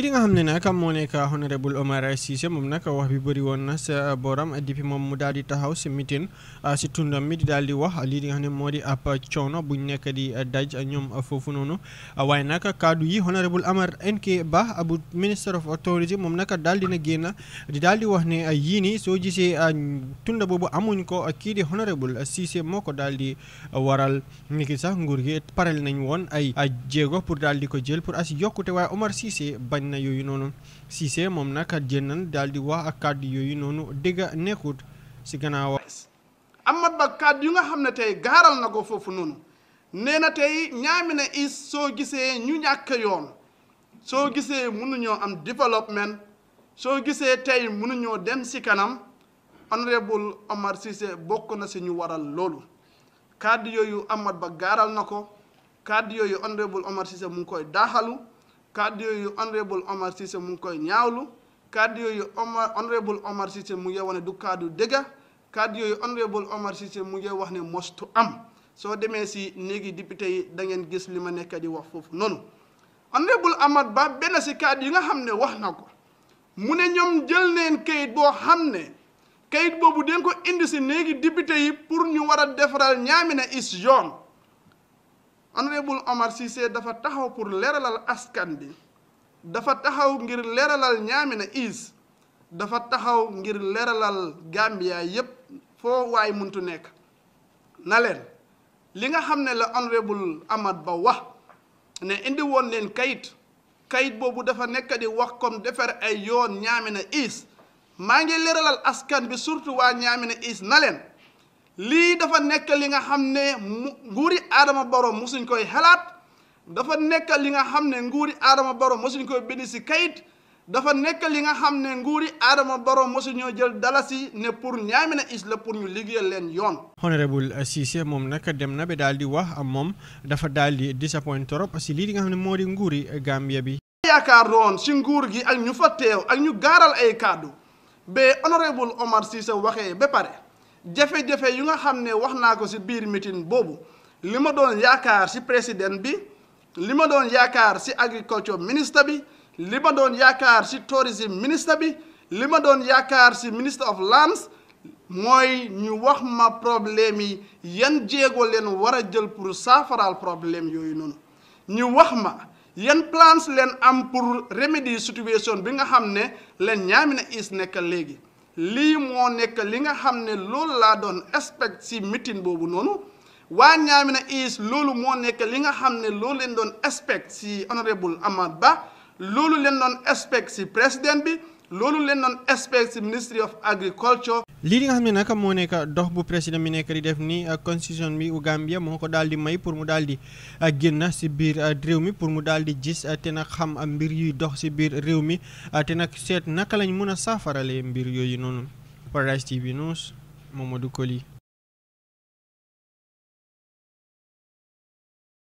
Iriŋa hamnina kam mone ka honorable Omar Cissé moom nag wax bi bëri woon na sa boram depuis moom mu daal di taxaw si meeting si tundam mi di daal di wax lii di nga xam ne moo di ab coono buñ nekk di daj ñoom foofu noonu waaye nag kaddu yi honorable Amar NK Bah abu minister of authority moom nak daal dina génn di daal di wax ne yii nii soo gisee tunda boobu amuñ ko kii di honorable Cissé moo ko daal waral niki sax nguur gi parel nañ woon ay jéego pour daal ko jël pour as yokkute waaye Omar Cissé bañ na yooyu noonu Cissé moom nag jénnan daal di wax ak kàddu yooyu noonu dégg nekkut si gannaaw. Amat Ba kàddu yu nga xam ne tey gaaral na ko foofu noonu nee na tey ñaami na is soo gisee ñu ñàkk yoon soo gisee mënuñoo am développement soo gisee tey mënuñoo dem si kanam honorable Omar Cissé bokk na si ñu waral loolu kàddu yooyu Amat Ba gaaral na ko kàddu yooyu honorable Omar Cissé mu ngi koy daaxalu kàddu yu honorable Omar Cissé mu ngi koy ñaawlu kàddu yu Omar honorable Omar Cissé mu ngi wax ne du kàddu dëgga kàddu yooyu honorable Omar Cissé mu ngi wax ne mostu am soo demee si néegi député yi da ngeen gis li ma nekk di wax foofu noonu honorable amat Ba benn si kàddu yi nga xam ne wax na ko mu ne ñoom jël neen kayit boo xam ne kayit boobu dañ ko indi si néegi député yi pour ñu war a defaral ñaamina is yoon honorable Omar Cissé dafa taxaw pour leeralal askan bi dafa taxaw ngir leeralal Niamina East dafa taxaw ngir leeralal Gambia yépp foo waay muntu nekk na leen li nga xam ne la honorable Amad Ba wax ne indi woon leen kayit kayit boobu dafa nekk di wax comme defar ay yoon Niamina East maa ngi leeralal askan bi surtout waa Niamina East na leen lii dafa nekk li nga xam ne mu nguuri aadama borom mosuñ koy xalaat dafa nekk li nga xam ne nguuri aadama borom mosuñ koy bind si kayit dafa nekk li nga xam ne nguuri aadama borom mosuñoo jël dalasi ne pour Ñaamina is la pour ñu liggéeyal leen yoon. honorable Ceesay moom nag dem na ba daal di wax moom dafa daal di disappoint trop si lii nga xam ne moo di nguuri Gambia bi. yaakaar doon si nguur gi ak ñu fa teew ak ñu gaaral ay kàddu ba honorable Omar Ceesay waxee ba pare. jafe-jafe yu nga xam ne wax naa ko si biir meeting boobu li ma doon yaakaar si président bi li ma doon yaakaar si agriculture ministre bi li ma doon yaakaar si tourism ministre bi li ma doon yaakaar si ministre of lands mooy ñu wax ma problème yi yan jéego leen war a jël pour saafaraal problème yooyu noonu ñu wax ma yan plans leen am pour remédier situation bi nga xam ne leen Ñaamina East nekk léegi lii moo nekk li nga xam ne loolu laa doon expect si meeting boobu noonu waa Ñaamina East loolu moo nekk li nga xam ne loolu leen doon expect si honorable Amad Ba loolu leen doon expect si président bi loolu leen doon expect si ministry of agriculture lii li nga xam ne nag moo nekk dox bu président bi nekk di def nii ni constitution bi u Gambia moo ko daal di may pour mu daal di génn si biir réew mi pour mu daal di gis te nag xam mbir yuy dox si biir réew mi te nag seet naka lañu mën a saafarale mbir yooyu noonu Paradise moom News du Koli